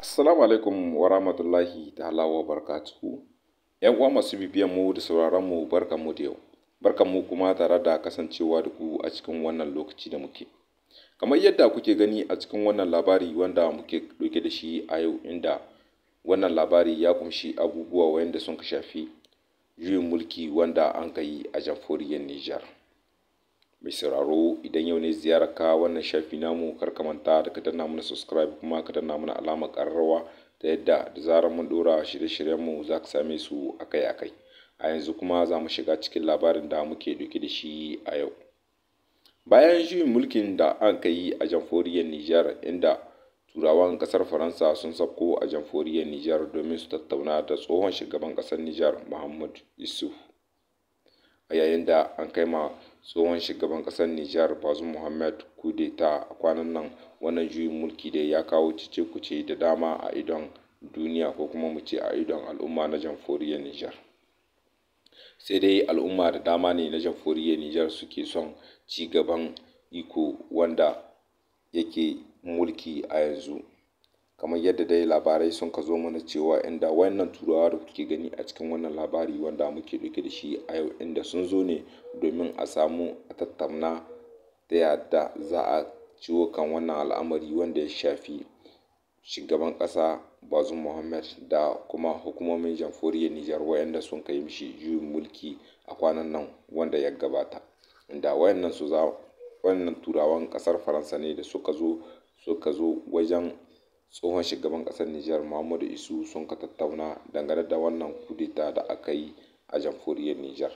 Assalamu alaikum wa rahmatullahi ta'ala wa barakatuhu. ‘Yan uwa masu bibiyan mu da sauraron mu barkan mu da yau. Barkan mu kuma tare da kasancewa da ku a cikin wannan lokaci da muke. Kamar yadda kuke gani a cikin wannan labari wanda muke ɗauke da shi a yau inda wannan labari ya kunshi abubuwa wayanda sun shafi juyin mulki wanda an ka yi a jamhuriyar Nijar. mai sauraro idan yau ne ziyararka ka wannan shafi namu kar ka manta da ka danna mana subscribe kuma ka danna mana alama ƙararrawa ta yadda da zarar mun dora shirye shiryen mu za ka same su akai-akai a yanzu kuma za mu shiga cikin labarin da muke ɗauke da shi a yau bayan juyin mulkin da an yi a jamhuriyar nijar inda turawan kasar faransa sun sauko a jamhuriyar nijar domin su tattauna da tsohon shugaban kasar nijar muhammad yusuf a yayin da an kai ma tsohon shugaban ƙasar Nijar Bazoum Mohamed kudeta a kwanan nan wannan juyin mulki dai ya kawo cice kuce da dama a idon duniya ko kuma mu ce a idon al'umma na jamhuriyar Nijar. Sai dai al'umma da dama ne na jamhuriyar Nijar suke son ci gaban iko wanda yake mulki a yanzu. kamar yadda dai labarai sun ka zo mana cewa inda wayannan turawa da kuke gani a cikin wannan labari wanda muke ɗauke da shi a yau inda sun zo ne domin a samu a tattauna ta yadda za a ciwo kan wannan al'amari wanda ya shafi shugaban ƙasa bazum muhammad da kuma hukumomin jamhuriya nijar wayanda sun kai mishi juyin mulki a kwanan nan wanda ya gabata inda wayannan su za wayannan turawan ƙasar faransa ne da suka zo suka zo wajen tsohon shugaban ƙasar Nijar Muhammadu Isu sun ka tattauna dangane da wannan kudeta da aka yi a jamhuriyar Nijar.